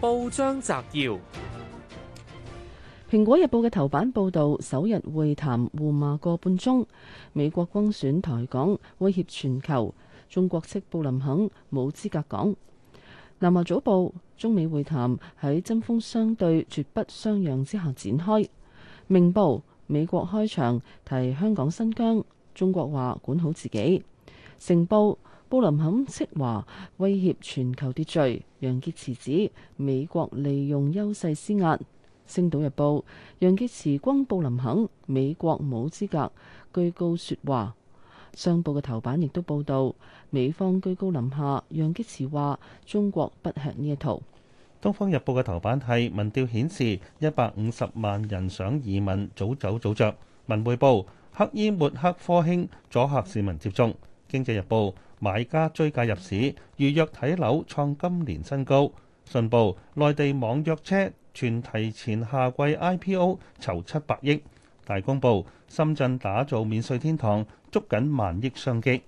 報章摘要：《蘋果日報》嘅頭版報道，首日會談互罵個半鐘，美國軍選台港威脅全球，中國斥布林肯冇資格講。《南華早報》中美會談喺針鋒相對、絕不相讓之下展開。《明報》美國開場提香港、新疆，中國話管好自己。成報，布林肯斥華威脅全球秩序，楊潔篪指美國利用優勢施壓。星島日報，楊潔篪轟布林肯，美國冇資格居高說話。商報嘅頭版亦都報道美方居高臨下，楊潔篪話中國不吃呢一套。東方日報嘅頭版係民調顯示一百五十萬人想移民早走早着。文匯報，黑衣抹黑科興，阻嚇市民接種。經濟日報買家追價入市，預約睇樓創今年新高。信報內地網約車全提前下季 IPO 籌七百億。大公報深圳打造免稅天堂，捉緊萬億商機。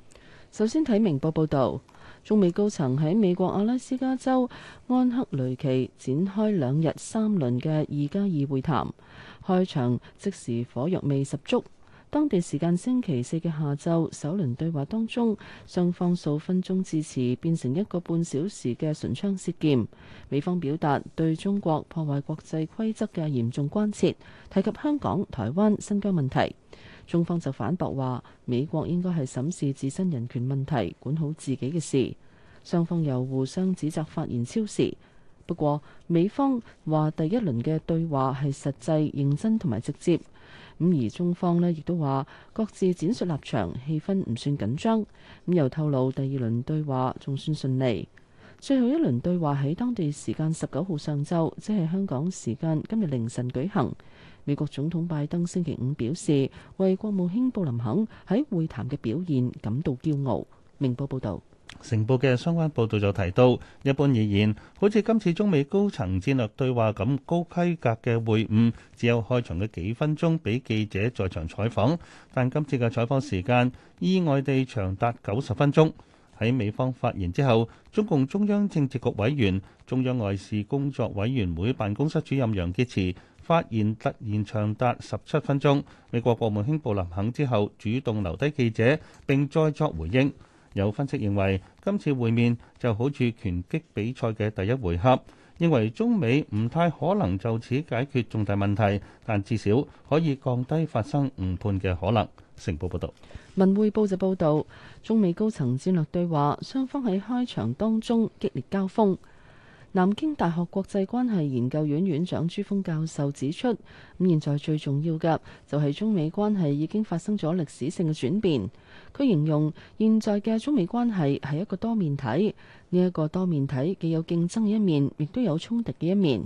首先睇明報報道，中美高層喺美國阿拉斯加州安克雷奇展開兩日三輪嘅二加二會談，開場即時火藥味十足。當地時間星期四嘅下晝，首輪對話當中，雙方數分鐘致詞變成一個半小時嘅唇槍舌劍。美方表達對中國破壞國際規則嘅嚴重關切，提及香港、台灣、新疆問題。中方就反駁話，美國應該係審視自身人權問題，管好自己嘅事。雙方又互相指責發言超時。不過，美方話第一輪嘅對話係實際、認真同埋直接。咁而中方呢亦都話各自展述立場，氣氛唔算緊張。咁又透露第二輪對話仲算順利。最後一輪對話喺當地時間十九號上晝，即係香港時間今日凌晨舉行。美國總統拜登星期五表示，為國務卿布林肯喺會談嘅表現感到驕傲。明報報導。成報嘅相關報導就提到，一般而言，好似今次中美高層戰略對話咁高規格嘅會晤，只有開場嘅幾分鐘俾記者在場採訪。但今次嘅採訪時間意外地長達九十分鐘。喺美方發言之後，中共中央政治局委員、中央外事工作委員會辦公室主任楊潔篪發言突然長達十七分鐘。美國國務卿布林肯之後主動留低記者並再作回應。有分析認為，今次會面就好似拳擊比賽嘅第一回合，認為中美唔太可能就此解決重大問題，但至少可以降低發生誤判嘅可能。成報報道，文匯報就報導，中美高層戰略對話，雙方喺開場當中激烈交鋒。南京大學國際關係研究院院長朱峰教授指出：咁現在最重要嘅就係中美關係已經發生咗歷史性嘅轉變。佢形容現在嘅中美關係係一個多面體，呢、這、一個多面體既有競爭嘅一面，亦都有衝突嘅一面，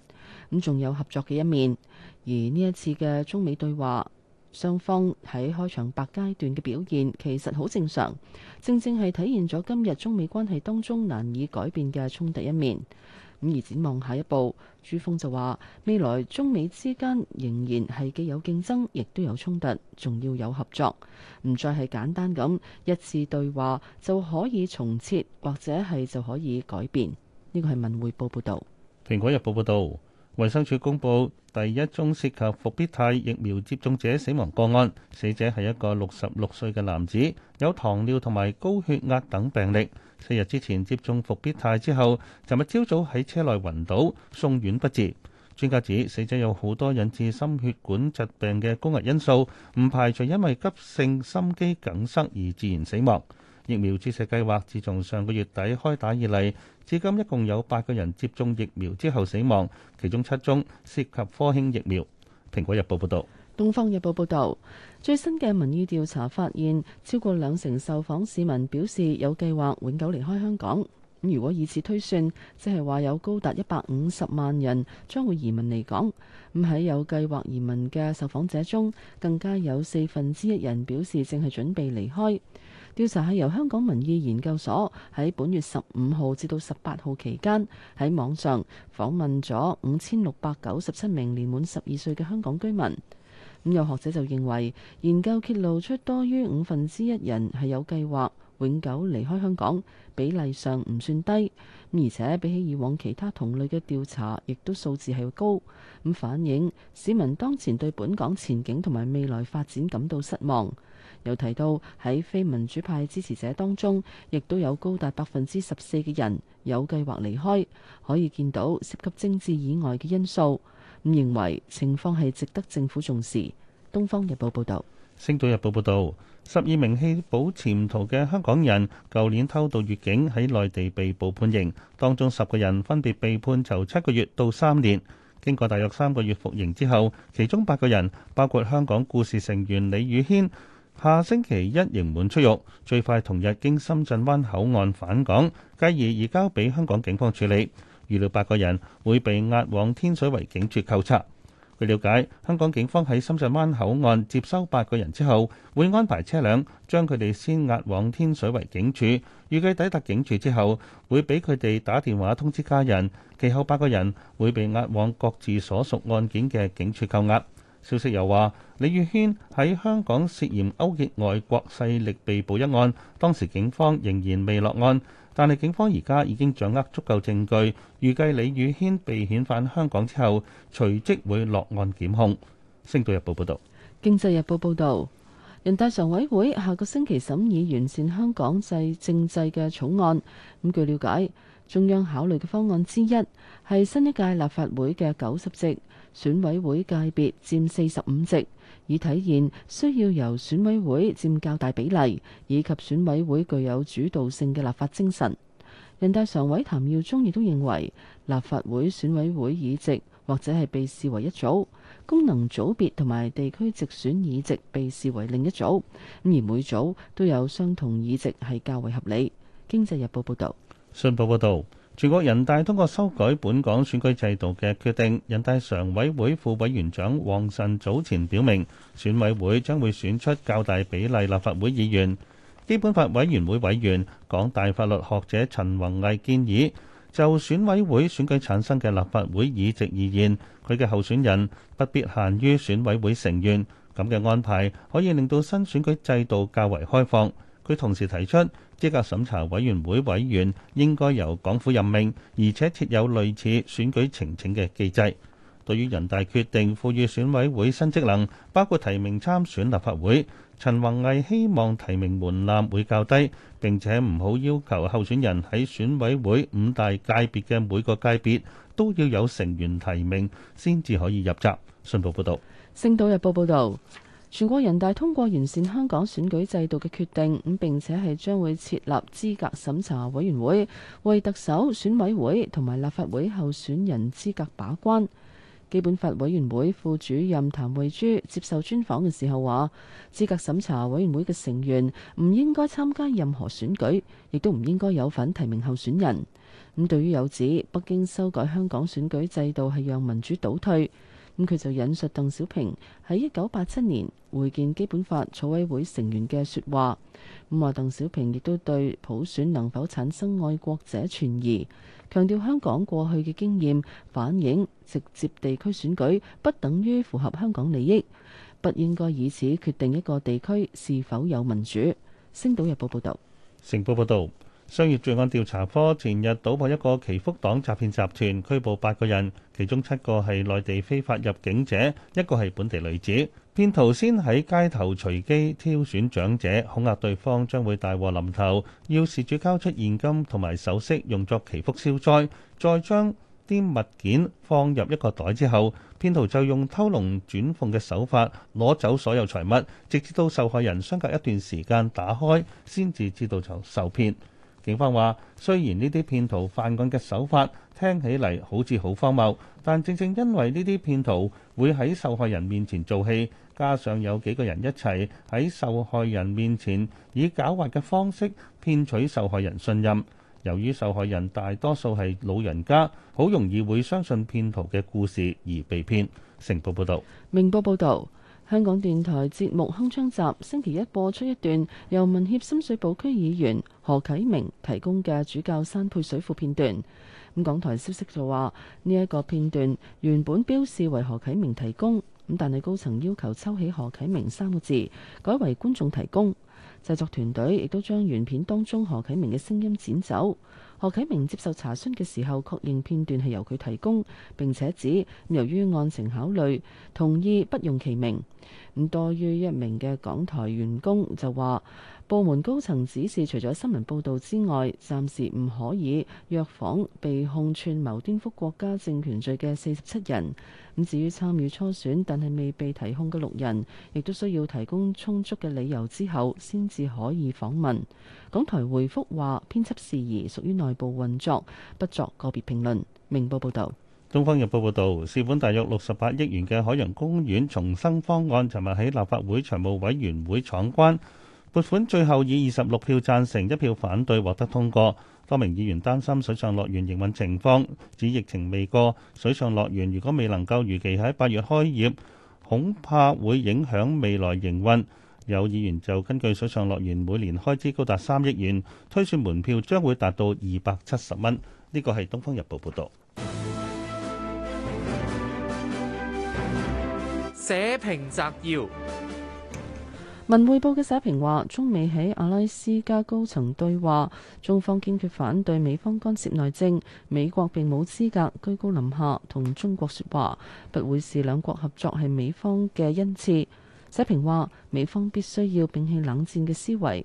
咁仲有合作嘅一面。而呢一次嘅中美對話。雙方喺開場白階段嘅表現，其實好正常，正正係體現咗今日中美關係當中難以改變嘅衝突一面。咁而展望下一步，朱鋒就話：未來中美之間仍然係既有競爭，亦都有衝突，仲要有合作，唔再係簡單咁一次對話就可以重設，或者係就可以改變。呢個係文匯報報道，蘋果日報報道。衛生署公布第一宗涉及復必泰疫苗接種者死亡個案，死者係一個六十六歲嘅男子，有糖尿同埋高血壓等病歷。四日之前接種復必泰之後，尋日朝早喺車內暈倒，送院不治。專家指死者有好多引致心血管疾病嘅高危因素，唔排除因為急性心肌梗塞而自然死亡。疫苗注射計劃自從上個月底開打以嚟，至今一共有八個人接種疫苗之後死亡，其中七宗涉及科興疫苗。《蘋果日報》報道，《東方日報》報道，最新嘅民意調查發現，超過兩成受訪市民表示有計劃永久離開香港。咁如果以此推算，即係話有高達一百五十萬人將會移民離港。咁喺有計劃移民嘅受訪者中，更加有四分之一人表示正係準備離開。調查係由香港民意研究所喺本月十五號至到十八號期間喺網上訪問咗五千六百九十七名年滿十二歲嘅香港居民。咁有學者就認為，研究揭露出多於五分之一人係有計劃永久離開香港，比例上唔算低。而且比起以往其他同類嘅調查，亦都數字係高。咁反映市民當前對本港前景同埋未來發展感到失望。有提到喺非民主派支持者當中，亦都有高達百分之十四嘅人有計劃離開，可以見到涉及政治以外嘅因素。咁認為情況係值得政府重視。東方日報報道。星島日報報道十二名棄保潛逃嘅香港人，舊年偷渡越境喺內地被捕判刑，當中十個人分別被判囚七個月到三年。經過大約三個月服刑之後，其中八個人，包括香港故事成員李宇軒，下星期一刑滿出獄，最快同日經深圳灣口岸返港，繼而移交俾香港警方處理。預料八個人會被押往天水圍警署扣查。據了解，香港警方喺深圳灣口岸接收八個人之後，會安排車輛將佢哋先押往天水圍警署。預計抵達警署之後會俾佢哋打電話通知家人。其後八個人會被押往各自所屬案件嘅警署扣押。消息又話，李宇軒喺香港涉嫌勾結外國勢力被捕一案，當時警方仍然未落案，但係警方而家已經掌握足夠證據，預計李宇軒被遣返香港之後，隨即會落案檢控。星島日報報導，經濟日報報導。人大常委會下個星期審議完善香港制政制嘅草案。咁據瞭解，中央考慮嘅方案之一係新一屆立法會嘅九十席。選委會界別佔四十五席，以體現需要由選委會佔較大比例，以及選委會具有主導性嘅立法精神。人大常委譚耀宗亦都認為，立法會選委會議席或者係被視為一組，功能組別同埋地區直選議席被視為另一組，而每組都有相同議席係較為合理。經濟日報報道，信報報道。全國人大通過修改本港選舉制度嘅決定，人大常委會副委員長王晨早前表明，選委會將會選出較大比例立法會議員。基本法委員會委員、港大法律學者陳宏毅建議，就選委會選舉產生嘅立法會議席而言，佢嘅候選人不必限於選委會成員。咁嘅安排可以令到新選舉制度較為開放。佢同時提出，資格審查委員會委員應該由港府任命，而且設有類似選舉呈請嘅機制。對於人大決定賦予選委會新職能，包括提名參選立法會，陳弘毅希望提名門檻會較低，並且唔好要，要求候選人喺選委會五大界別嘅每個界別都要有成員提名先至可以入閘。信報報道。《星島日報》報導。全國人大通過完善香港選舉制度嘅決定，咁並且係將會設立資格審查委員會，為特首選委會同埋立法會候選人資格把關。基本法委員會副主任譚惠珠接受專訪嘅時候話，資格審查委員會嘅成員唔應該參加任何選舉，亦都唔應該有份提名候選人。咁，嗯，對於有指北京修改香港選舉制度係讓民主倒退。咁佢就引述鄧小平喺一九八七年會見基本法草委會成員嘅説話，咁話鄧小平亦都對普選能否產生愛國者存疑，強調香港過去嘅經驗反映直接地區選舉不等於符合香港利益，不應該以此決定一個地區是否有民主。星島日報報導。成報報導。商業罪案調查科前日搗破一個祈福黨詐騙集團，拘捕八個人，其中七個係內地非法入境者，一個係本地女子。騙徒先喺街頭隨機挑選長者，恐嚇對方將會大禍臨頭，要事主交出現金同埋首飾用作祈福消災，再將啲物件放入一個袋之後，騙徒就用偷龍轉鳳嘅手法攞走所有財物，直至到受害人相隔一段時間打開，先至知道就受騙。警方話：雖然呢啲騙徒犯案嘅手法聽起嚟好似好荒謬，但正正因為呢啲騙徒會喺受害人面前做戲，加上有幾個人一齊喺受害人面前以狡猾嘅方式騙取受害人信任。由於受害人大多數係老人家，好容易會相信騙徒嘅故事而被騙。成報報道：「明報報道。」香港電台節目《鏗鏘集》星期一播出一段由民協深水埗區議員何啟明提供嘅主教山配水庫片段。咁港台消息就話，呢、這、一個片段原本標示為何啟明提供，咁但係高層要求抽起何啟明三個字，改為觀眾提供。製作團隊亦都將原片當中何啟明嘅聲音剪走。何啟明接受查詢嘅時候，確認片段係由佢提供，並且指由於案情考慮，同意不用其名。咁多於一名嘅港台員工就話，部門高層指示，除咗新聞報導之外，暫時唔可以約訪被控串謀顛覆國家政權罪嘅四十七人。咁至於參與初選但係未被提控嘅六人，亦都需要提供充足嘅理由之後，先至可以訪問。港台回覆話：編輯事宜屬於內部運作，不作個別評論。明報報道：《東方日報》報導，涉款大約六十八億元嘅海洋公園重生方案，尋日喺立法會財務委員會闖關。撥款最後以二十六票贊成，一票反對獲得通過。多名議員擔心水上樂園營運情況，指疫情未過，水上樂園如果未能夠預期喺八月開業，恐怕會影響未來營運。有議員就根據水上樂園每年開支高達三億元，推算門票將會達到二百七十蚊。呢個係《東方日報》報導。社評摘要。文匯報嘅社評話：中美喺阿拉斯加高層對話，中方堅決反對美方干涉內政，美國并冇資格居高臨下同中國說話，不會是兩國合作係美方嘅恩賜。社評話：美方必須要摒棄冷戰嘅思維、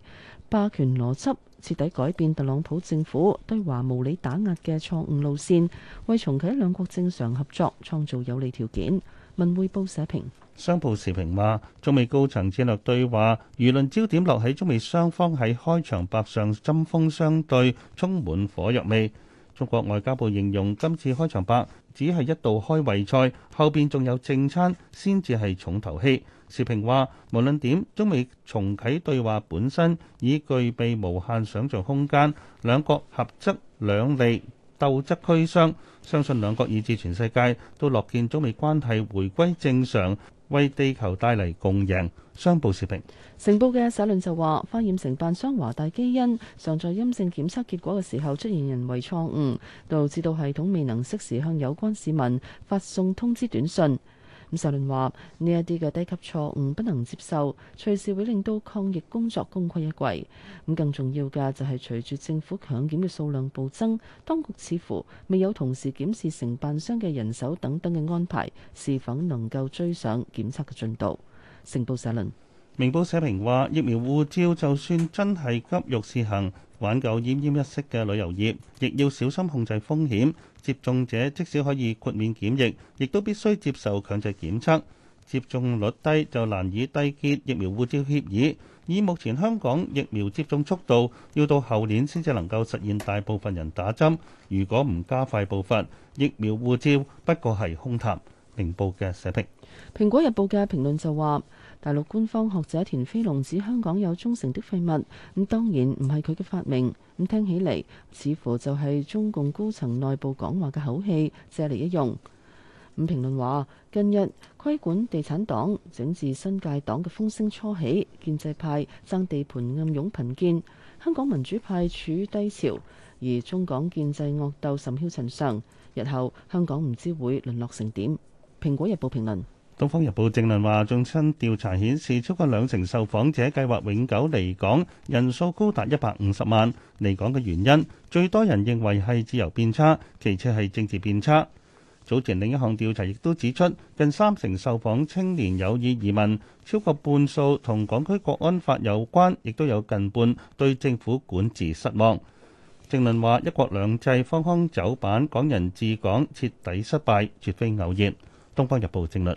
霸權邏輯，徹底改變特朗普政府對華無理打壓嘅錯誤路線，為重啟兩國正常合作創造有利條件。文匯報社評。商報時評話：中美高層戰略對話，輿論焦點落喺中美雙方喺開場白上針鋒相對，充滿火藥味。中國外交部形容今次開場白只係一道開胃菜，後邊仲有正餐，先至係重頭戲。時評話：無論點，中美重啟對話本身已具備無限想像空間，兩國合則兩利，鬥則俱傷。相信兩國以至全世界都樂見中美關係回歸正常。為地球帶嚟共贏。商報視評，成報嘅社論就話，化驗承辦商華大基因常在陰性檢測結果嘅時候出現人為錯誤，導致到系統未能適時向有關市民發送通知短信。咁社論話呢一啲嘅低級錯誤不能接受，隨時會令到抗疫工作功虧一簣。咁更重要嘅就係隨住政府強檢嘅數量暴增，當局似乎未有同時檢視承辦商嘅人手等等嘅安排，是否能夠追上檢測嘅進度？成報社論。明報社評話疫苗護照就算真係急欲試行。挽救奄奄一息嘅旅遊業，亦要小心控制風險。接種者即使可以豁免檢疫，亦都必須接受強制檢測。接種率低就難以締結疫苗護照協議。以目前香港疫苗接種速度，要到後年先至能夠實現大部分人打針。如果唔加快步伐，疫苗護照不過係空談。明報嘅社評，《蘋果日報》嘅評論就話。大陸官方學者田飛龍指香港有忠誠的廢物，咁當然唔係佢嘅發明，咁聽起嚟似乎就係中共高層內部講話嘅口氣借嚟一用。咁、嗯、評論話，近日規管地產黨整治新界黨嘅風聲初起，建制派爭地盤暗湧頻見，香港民主派處於低潮，而中港建制惡鬥甚囂塵上，日後香港唔知會淪落成點。《蘋果日報》評論。《東方日報》正論話：最新調查顯示，超過兩成受訪者計劃永久離港，人數高達一百五十萬。離港嘅原因，最多人認為係自由變差，其次係政治變差。早前另一項調查亦都指出，近三成受訪青年有意移民，超過半數同港區國安法有關，亦都有近半對政府管治失望。正論話：一國兩制荒腔走板，港人治港徹底失敗，絕非偶然。《東方日報》正論。